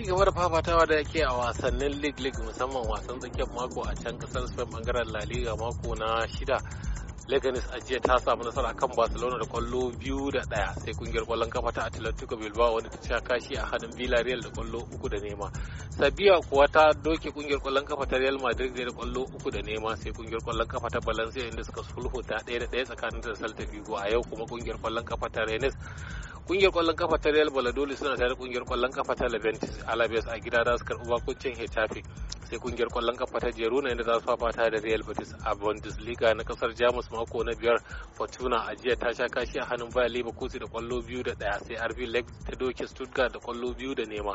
ci gaba da fafatawa da yake a wasannin league league musamman wasan tsakiyar mako a can kasar spain bangaren la liga mako na shida leganes a ta samu nasara akan barcelona da kwallo biyu da daya sai kungiyar kwallon kafa ta atlantico bilbao wanda ta kashi a hannun villarreal da kwallo uku da nema sabia kuwa ta doke kungiyar kwallon kafa ta real madrid da kwallo uku da nema sai kungiyar kwallon kafa ta valencia inda suka sulhu ta daya da daya tsakanin da celta vigo a yau kuma kungiyar kwallon kafa ta rennes kungiyar kwallon kafa ta real valladolid suna tare kungiyar kwallon kafa ta leventis alabes a gida za su karɓi bakuncin hetafe sai kungiyar kwallon kafa ta jeruna inda za su fafata da real betis a bundesliga na kasar jamus mako na biyar fortuna a jiya ta sha kashi a hannun bayan leverkusen da kwallo biyu da daya sai rb leipzig ta doke stuttgart da kwallo biyu da nema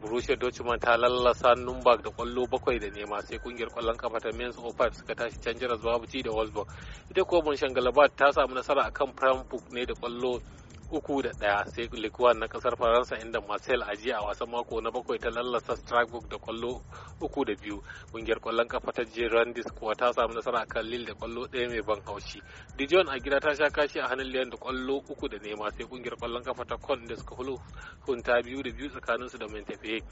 borussia dortmund ta lallasa nürnberg da kwallo bakwai da nema sai kungiyar kwallon kafa ta mainz 05 suka tashi can jiran zuwa da wolfsburg ita kuwa mönchengladbach ta samu nasara akan frankfurt ne da kwallo uku da ɗaya sai likuwa na ƙasar faransa inda marcel aji a wasan mako na bakwai ta lallasa strasbourg da kwallo uku da biyu ƙungiyar kwallon kafa ta girandis kuwa ta samu nasara a kan lille da kwallo ɗaya mai ban haushi dijon a gida ta sha kashi a hannun lyon da kwallo uku da nema sai ƙungiyar kwallon kafa ta con da suka hunta biyu da biyu su da mintafe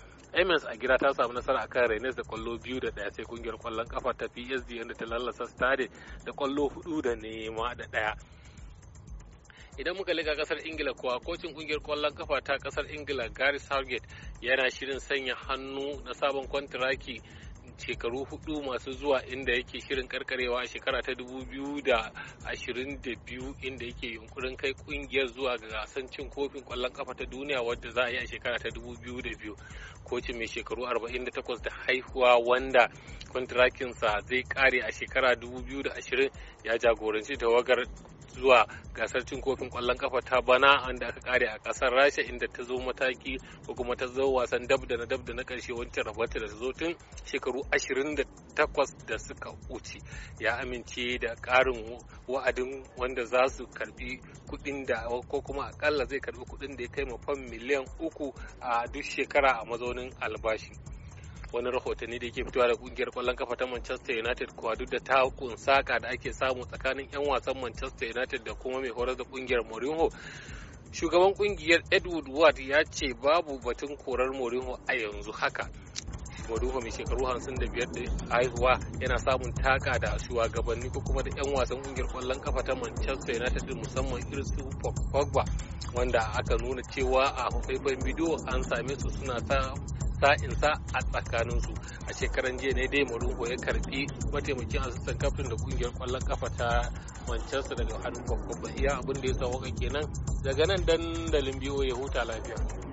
ms a gida ta samu nasara a kan rennes da kwallo biyu da ɗaya sai ƙungiyar kwallon kafa ta psd yadda ta lallasa stade da kwallo hudu da nema da ɗaya idan muka liga kasar ingila kuwa kocin kungiyar kwallon kafa ta kasar ingila gary southgate yana shirin sanya hannu na sabon kwantiraki shekaru hudu masu zuwa inda yake shirin karkarewa a shekara ta 2022 inda yake yunkurin kai kungiyar zuwa ga gasan cin kofin kwallon kafa ta duniya wadda za a yi a shekara ta 2002 kocin mai shekaru 48 da haihuwa wanda kwantirakinsa zai kare a shekara 2020 ya jagoranci tawagar zuwa gasar cin kofin kwallon kafa ta bana anda aka kare a kasar rasha inda ta zo mataki ko kuma ta zo wasan dab da na dab da na karshe wancan rabata da ta zo tun shekaru 28 da suka wuce ya amince da karin wa'adin wanda za su karbi kudin da ko kuma akalla zai karbi kudin da ya kai mafan miliyan uku a duk shekara a mazaunin albashi wani rahotanni da yake fitowa da kungiyar kwallon kafa ta Manchester United kuwa duk da ta kunsaka da ake samu tsakanin 'yan wasan Manchester United da kuma mai horar da kungiyar Mourinho shugaban kungiyar Edward Ward ya ce babu batun korar Mourinho a yanzu haka Mourinho mai shekaru 55 da haihuwa yana samun taka da shugabanni ko kuma da 'yan wasan kungiyar kwallon kafa ta Manchester United da musamman irin Pogba wanda aka nuna cewa a faifan bidiyo an same su suna ta sa'insa a tsakaninsu a shekaran jiya ne dai maroko ya karbi mataimakin asistan kafin da kungiyar kwallon kafa ta Manchester daga hannun babban iya abin da ya sa waka kenan daga nan dandalin biyo ya huta lafiya.